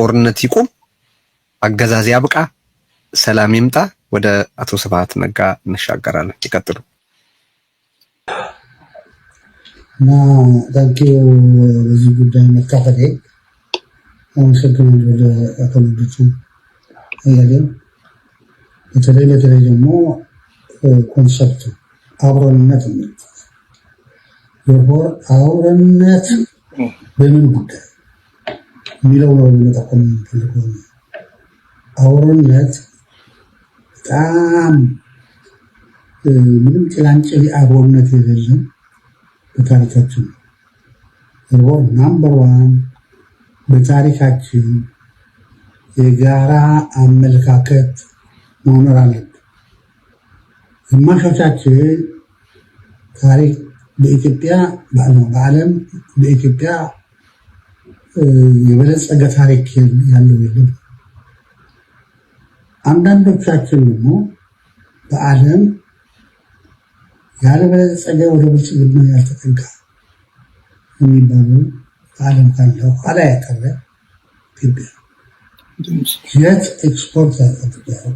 ጦርነት ይቁም፣ አገዛዝ ያብቃ፣ ሰላም ይምጣ። ወደ አቶ ስብሐት ነጋ እንሻገራለን። ይቀጥሉ። እና በዚህ ጉዳይ መካፈል አመሰግን ወደ አቶ ልደቱ እያሌው በተለይ በተለይ ደግሞ ኮንሰፕቱ አብሮነት የሚል የሆር አብሮነት በምን ጉዳይ የሚለው ነው መጠቆም ፈልጎ አውሮነት በጣም ምንም ጭላንጭል አብሮነት የሌለን በታሪካችን ሮ ናምበር ዋን በታሪካችን የጋራ አመለካከት መኖር አለብን። ግማሾቻችን ታሪክ በኢትዮጵያ በዓለም በኢትዮጵያ የበለጸገ ታሪክ ያለው የለም። አንዳንዶቻችን ደግሞ በዓለም ያለበለጸገ ወደ ብልጽግና ያልተጠጋ የሚባሉ በዓለም ካለው ኋላ ያቀረ ኢትዮጵያ የት ኤክስፖርት ያጠብቀው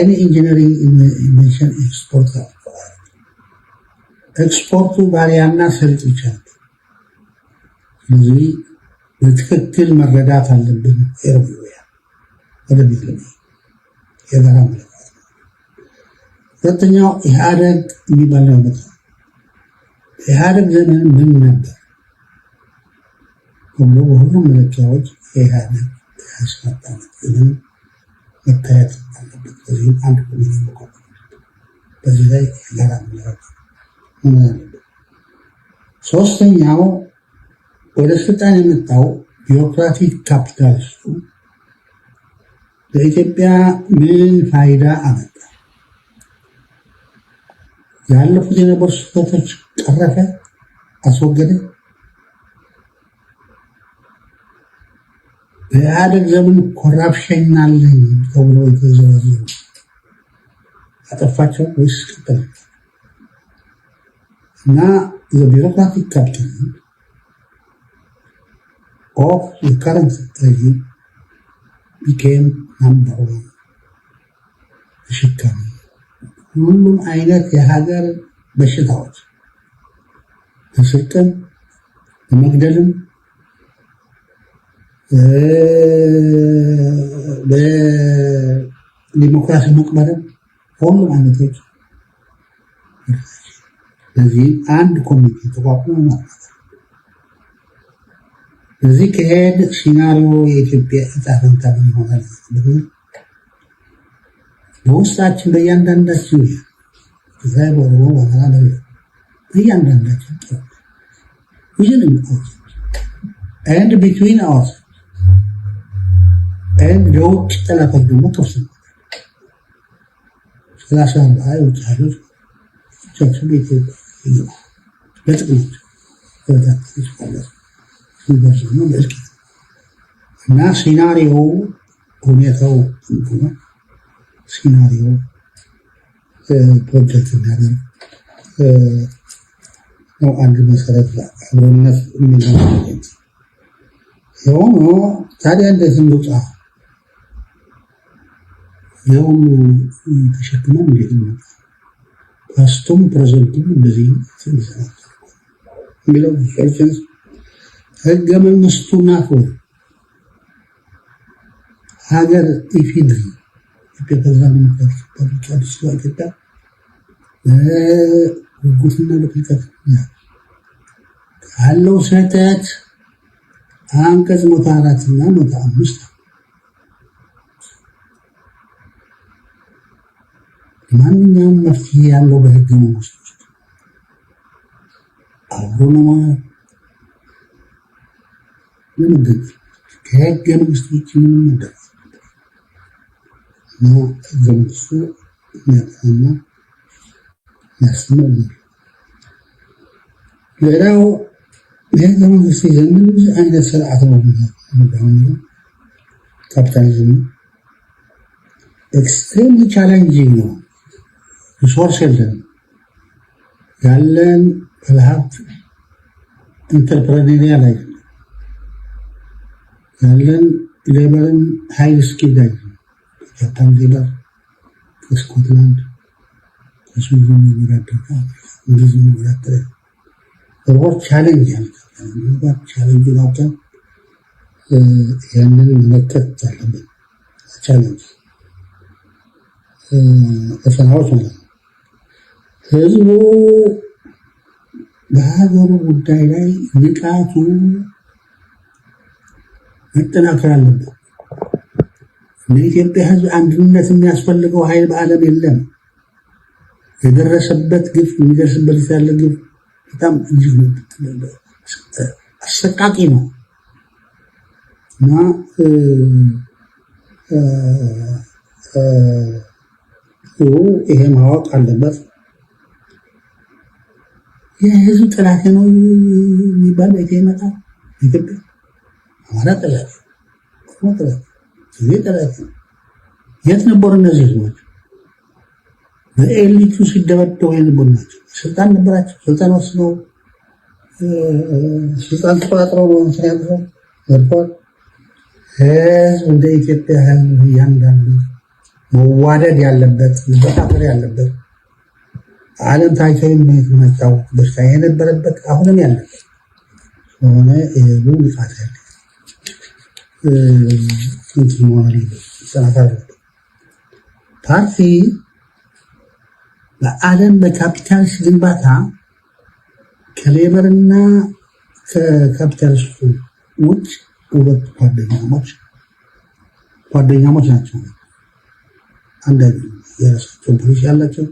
ኤኒ ኢንጂነሪንግ ኢንቨንሽን ኤክስፖርት ኤክስፖርቱ ባሪያና ሰልጥቻ ስለዚህ በትክክል መረዳት አለብን። ኤርትራውያ ወደ ቤት የጋራ መለካት ሁለተኛው ኢህአደግ የሚባል ነገር ኢህአደግ ዘመን ምን ነበር? ሁሉ በሁሉም መለኪያዎች የኢህአደግ ያስመጣ ምንም መታየት አለበት። በዚህ አንድ በዚህ ላይ የጋራ መለካት ሶስተኛው ወደ ስልጣን የመጣው ቢሮክራቲክ ካፒታሊስቱ ለኢትዮጵያ ምን ፋይዳ አመጣ? ያለፉት የነበሩ ስህተቶች ቀረፈ፣ አስወገደ? በኢህአደግ ዘመን ኮራፕሽን አለኝ ተብሎ የተዘረዘሩ አጠፋቸው ወይስ ቀጠላቸው? Now the bureaucratic captain of the current regime became number one الحكام ሁሉም አይነት የሀገር በሽታዎች በስርቅም በመግደልም በዲሞክራሲ መቅበርም ሁሉም አይነቶች በዚህም አንድ ኮሚቴ ተቋቁሞ ማለት ነው። በዚህ ከሄድ ሲናሪዮ የኢትዮጵያ እጣ ፈንታ ምን ይሆናል? በውስጣችን በእያንዳንዳችን እዛ በሮ በኋላ በእያንዳንዳችን ዊዥን ንድ ቢትዊን አዋስ ንድ ለውጭ ጠላቶች ደግሞ ተወስነ ሰላሳ ውጭ ሀይሎች ብቻችን በኢትዮጵያ ለጥቅሞች ለታክቶች ማለት ሲደርስ ደግሞ ለእልቂት እና ሲናሪዮው ሁኔታው ሆነ ሲናሪዮ ፕሮጀክት እናገር ነው አንድ መሰረት አብሮነት የሚለው የሆኖ ታዲያ እንዴት እንውጣ? የሁሉ ተሸክመን እንዴት እንውጣ? past ቱም ፕሬዘንቱም እንደዚህ የሚለው ህገ መንግስቱ ናፎ ሀገር ኢፊድሪ ከዛ ኢትዮጵያ ጉጉትና ልቅልቀት ካለው ስህተት አንቀጽ መቶ አራትና መቶ አምስት ማንኛውም መፍትሄ ያለው በህገ መንግስት ውስጥ አብሮ ለመገኘት ከህገ መንግስት ውጭ ምንም ነገር እና ህገ መንግስቱ የሚያጠና ያስተምር። ሌላው የህገ መንግስት ዘመን ብዙ አይነት ስርዓት ነው። ካፒታሊዝም ኤክስትሪምሊ ቻለንጂንግ ነው። ሪሶርስ የለን ያለን ባለሀብት ኢንተርፕረኒያ ላይ ያለን ሌበርም ሀይ ስኪል ላይ በጣም ሌበር ከስኮትላንድ ከስዊዝ የሚወዳደር እንደዚህ የሚወዳደር ሮር ቻሌንጅ ያልጋር ቻሌንጅ ላብተን ያንን መለከት አለብን። ቻሌንጅ ፈተናዎች ማለት ነው። ህዝቡ በሀገሩ ጉዳይ ላይ ንቃቱ መጠናከር አለበት። ለኢትዮጵያ ህዝብ አንድነት የሚያስፈልገው ኃይል በዓለም የለም። የደረሰበት ግፍ የሚደርስበት ያለ ግፍ በጣም እጅግ አሰቃቂ ነው እና ይሄ ማወቅ አለበት። የህዝብ ጥላት ነው የሚባል ቤት ይመጣል። ኢትዮጵያ አማራ ጥላት፣ ኦሮሞ ጥላት፣ ትግሬ ጥላት። የት ነበሩ እነዚህ ህዝቦች? በኤሊቱ ሲደበደቡ የነበሩ ናቸው። ስልጣን ነበራቸው። ስልጣን ወስነው ስልጣን ተቆጣጥረው ነው እንትን ህዝብ እንደ ኢትዮጵያ ህዝብ እያንዳንዱ መዋደድ ያለበት መፈቃቀር ያለበት አለም ታኬን መጣው ድርሻ የነበረበት አሁንም ያለበት ሆነ ይሄዱ ንቃት ያለ ፓርቲ በአለም በካፒታልስ ግንባታ ከሌበርና ከካፒታሊስቱ ውጭ ሁለት ጓደኛሞች ጓደኛሞች ናቸው። አንደኛው የራሳቸው ፖሊሲ ያላቸው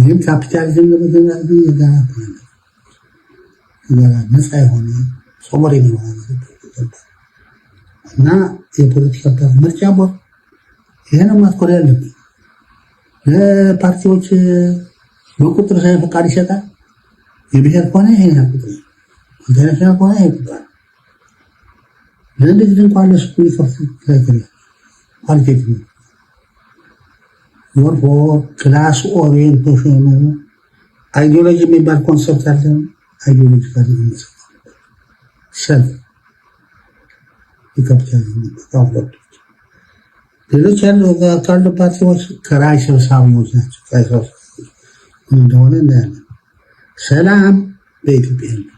ይህም ካፒታሊዝም ለመገናዘብ የጋራ ፖለቲካ ነፃ የሆነ ጾመር እና የፖለቲካ ምርጫ ቦርድ ይህን ማትኮር ያለብን ለፓርቲዎች በቁጥር ፈቃድ ይሰጣል። የብሔር ከሆነ ይሄ ቁጥር ኢንተርናሽናል ከሆነ ይሄ ቁጥር ለእንደዚህ ድንኳን ለሱ ይከፍቱ ክራይቴሪያ ኳሊቴቲቭ ነው። ሞር ክላስ ኦሪየንቴሽኑ አይዲዮሎጂ የሚባል ኮንሰፕት አለ። አይዲዮሎጂ ሰልፍ የካፒታሊዝም ሌሎች ያሉ ፓርቲዎች ከራዕይ ሰብሳቢዎች ናቸው። ከራዕይ ሰብሳቢዎች እንደሆነ እናያለን። ሰላም በኢትዮጵያ ነው።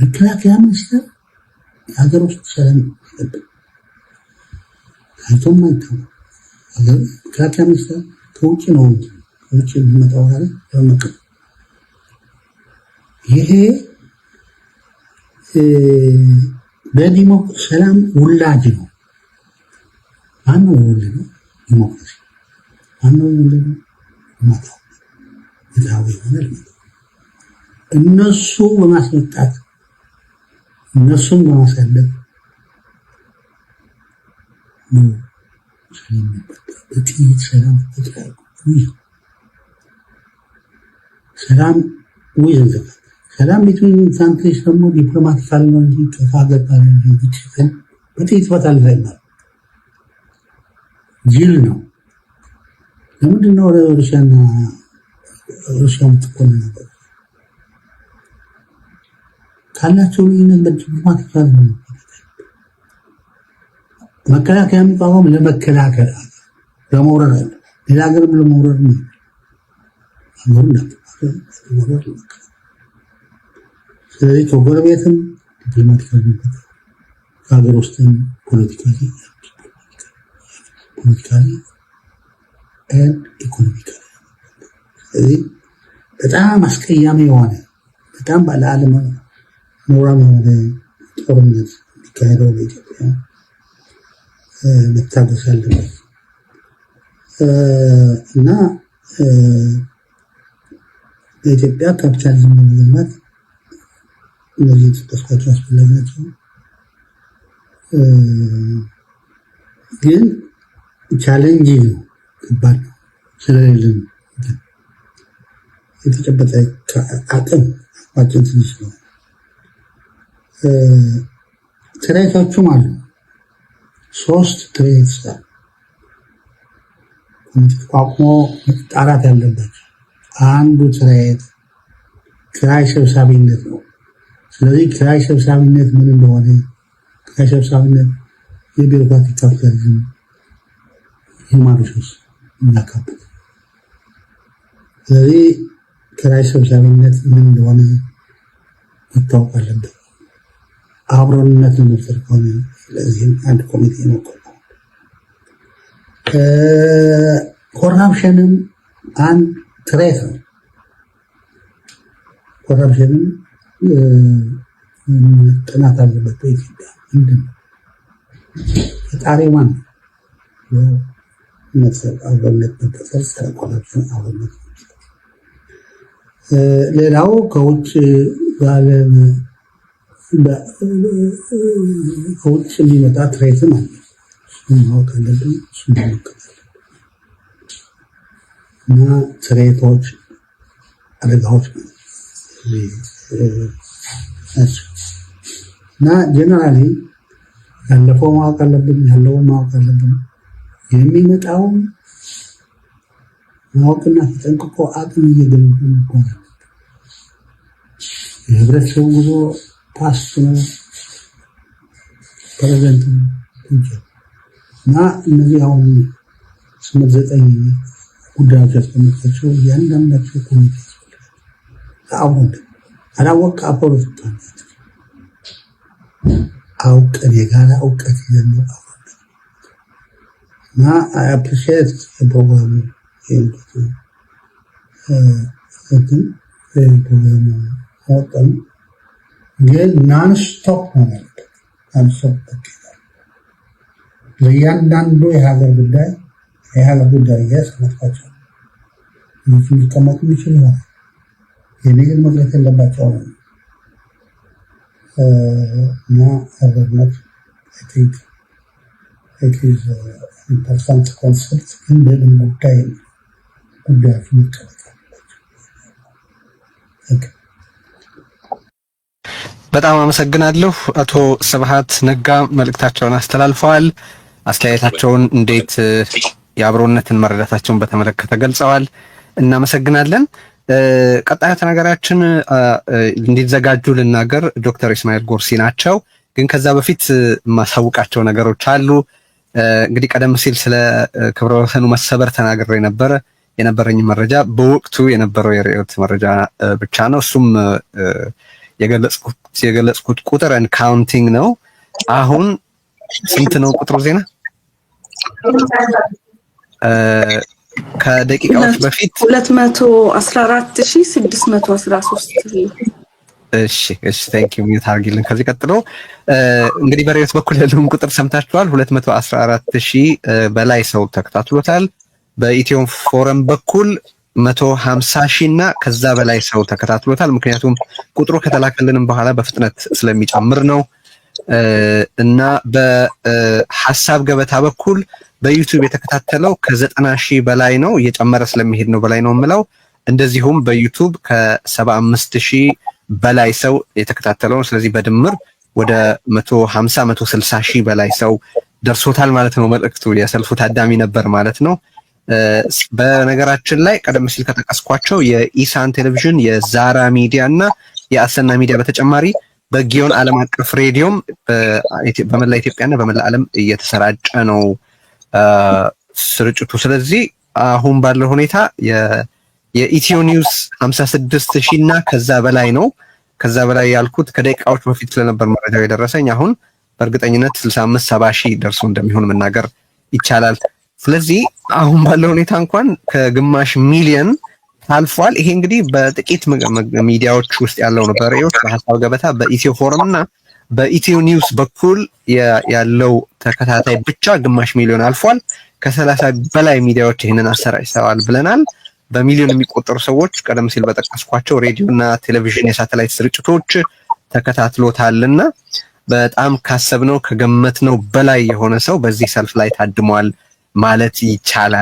መከላከያ ሚኒስትር የሀገር ውስጥ ሰላም ይጠብቅ ታይቶም አይታወቅ መከላከያ ሚኒስቴር ከውጭ ነው ከውጭ የሚመጣው ይሄ በዲሞክራሲ ሰላም ውላጅ ነው። ማነው የወለደው? ዲሞክራሲ ማነው የወለደው? ማታው ፍትሃዊ የሆነ ልማት እነሱ በማስመጣት እነሱን በማሳለፍ ነው የሚመጣበት ይህ ሰላም ተፈጥሯል። ሰላም ወይ ዘንዘፋል ሰላም ቢትዊን ካንትሪስ ደግሞ ዲፕሎማት ካልነው እንጂ ከሀገር ካልነው እንጂ ግጭትን በጥይት ፈታልፈ ይባል ጅል ነው። ለምንድን ነው ሩሲያ ምትቆል ነበር ካላቸው ልዩነት በዲፕሎማት ካልነው መከላከያ የሚቋቋም ለመከላከል ለመውረድ አለ። ሌላ ሀገርም ለመውረድ ነው። ስለዚህ ከጎረቤትም ዲፕሎማቲካ ከሀገር ውስጥም ፖለቲካ ኢኮኖሚካ ስለዚህ በጣም አስቀያሚ የሆነ በጣም ባለዓለም ኖራም የሆነ ጦርነት የሚካሄደው በኢትዮጵያ መታገስ አለበት እና በኢትዮጵያ ካፒታሊዝም ለመገንባት እነዚህ የተጠቀስኳቸው አስፈላጊ ናቸው። ግን ቻሌንጅ ነው፣ ከባድ ነው። ስለሌለን የተጨበጠ አቅም አቅማችን ትንሽ ነው። ተለያይታችሁም አሉ ሶስት ትርኢት ተቋቁሞ መጣራት ያለበት አንዱ ትርኢት ኪራይ ሰብሳቢነት ነው። ስለዚህ ኪራይ ሰብሳቢነት ምን እንደሆነ ኪራይ ሰብሳቢነት የቢሮክራቲክ ካፒታሊዝም ሂማኖሶስ እናካበት። ስለዚህ ኪራይ ሰብሳቢነት ምን እንደሆነ መታወቅ አለበት። አብሮነት ነው ከሆነ ስለዚህም አንድ ኮሚቴ ነው። ኮራፕሽንም አንድ ትሬት ነው። ኮራፕሽንም ጥናት አለበት። በኢትዮጵያ ምንድን ነው ፈጣሪ ማን ነው? መሰብ አብሮነት መጠፈር ስለ ኮራፕሽን አብሮነት ሌላው ከውጭ ባለ ከውጭ የሚመጣ ትሬትም አለ። እሱን ማወቅ አለብን። እሱን እንመለከታለን እና ትሬቶች አደጋዎች ናቸው እና ጀነራሊ ያለፈው ማወቅ አለብን። ያለውን ማወቅ አለብን። የሚመጣውን ማወቅና ተጠንቅቆ አቅም እየገነቡ መሆን የህብረተሰቡ ጉዞ ታስኖ ፕሬዘንት ነው እና እነዚህ አሁን ስምንት ዘጠኝ ጉዳዮች ያስቀመጣቸው እያንዳንዳቸው ኮሚቴ አሁን አላወቅ አብሮ ትባላት አውቀን የጋራ እውቀት ይዘን ነው እና አፕሪሼት ፕሮግራሙ ፕሮግራሙ አወጣነው ግን ናንስቶፕ ማለት ናንስቶፕ ይላል። ለእያንዳንዱ የሀገር ጉዳይ የሀገር ጉዳይ ያስመጥቋቸው ሊቀመጡ ይችል ይሆናል። የንግድ መግለጽ የለባቸው እና ሀገርነት ቲንክ ኢምፖርታንት ኮንሰርት እንደምን ጉዳይ ጉዳያቸው መቀመጥ አለባቸው። በጣም አመሰግናለሁ። አቶ ስብሃት ነጋ መልእክታቸውን አስተላልፈዋል። አስተያየታቸውን እንዴት የአብሮነትን መረዳታቸውን በተመለከተ ገልጸዋል። እናመሰግናለን። ቀጣዩ ተናጋሪያችን እንዲዘጋጁ ልናገር ዶክተር ኢስማኤል ጎርሲ ናቸው። ግን ከዛ በፊት የማሳውቃቸው ነገሮች አሉ። እንግዲህ ቀደም ሲል ስለ ክብረ ወሰኑ መሰበር ተናግሬ ነበረ። የነበረኝ መረጃ በወቅቱ የነበረው የርዕዮት መረጃ ብቻ ነው እሱም የገለጽኩት ቁጥር ን ካውንቲንግ ነው። አሁን ስንት ነው ቁጥሩ? ዜና ከደቂቃዎች በፊት 214613 እሺ፣ እሺ ዩ ሚት አርጊልን። ከዚህ ቀጥሎ እንግዲህ በሬት በኩል ያለውን ቁጥር ሰምታችኋል። 214 ሺህ በላይ ሰው ተከታትሎታል። በኢትዮ ፎረም በኩል መቶ ሀምሳ ሺህ እና ከዛ በላይ ሰው ተከታትሎታል። ምክንያቱም ቁጥሩ ከተላከልንም በኋላ በፍጥነት ስለሚጨምር ነው እና በሀሳብ ገበታ በኩል በዩቱብ የተከታተለው ከዘጠና ሺህ በላይ ነው፣ እየጨመረ ስለሚሄድ ነው በላይ ነው የምለው። እንደዚሁም በዩቱብ ከሰባ አምስት ሺህ በላይ ሰው የተከታተለው ነው። ስለዚህ በድምር ወደ መቶ ሀምሳ መቶ ስልሳ ሺህ በላይ ሰው ደርሶታል ማለት ነው መልእክቱ። የሰልፉ ታዳሚ ነበር ማለት ነው። በነገራችን ላይ ቀደም ሲል ከጠቀስኳቸው የኢሳን ቴሌቪዥን፣ የዛራ ሚዲያ እና የአሰና ሚዲያ በተጨማሪ በጊዮን ዓለም አቀፍ ሬዲዮም በመላ ኢትዮጵያና በመላ ዓለም እየተሰራጨ ነው ስርጭቱ። ስለዚህ አሁን ባለው ሁኔታ የኢትዮ ኒውስ 56 ሺህ እና ከዛ በላይ ነው። ከዛ በላይ ያልኩት ከደቂቃዎች በፊት ስለነበር መረጃው የደረሰኝ። አሁን በእርግጠኝነት 65 70 ሺህ ደርሶ እንደሚሆን መናገር ይቻላል። ስለዚህ አሁን ባለው ሁኔታ እንኳን ከግማሽ ሚሊየን ታልፏል። ይሄ እንግዲህ በጥቂት ሚዲያዎች ውስጥ ያለው ነው። በሬዎች፣ በሀሳብ ገበታ፣ በኢትዮ ፎረም እና በኢትዮ ኒውስ በኩል ያለው ተከታታይ ብቻ ግማሽ ሚሊዮን አልፏል። ከሰላሳ በላይ ሚዲያዎች ይህንን አሰራጭተዋል ብለናል። በሚሊዮን የሚቆጠሩ ሰዎች ቀደም ሲል በጠቀስኳቸው ሬዲዮ እና ቴሌቪዥን የሳተላይት ስርጭቶች ተከታትሎታልና በጣም ካሰብነው ከገመትነው በላይ የሆነ ሰው በዚህ ሰልፍ ላይ ታድሟል። ማለት ይቻላል።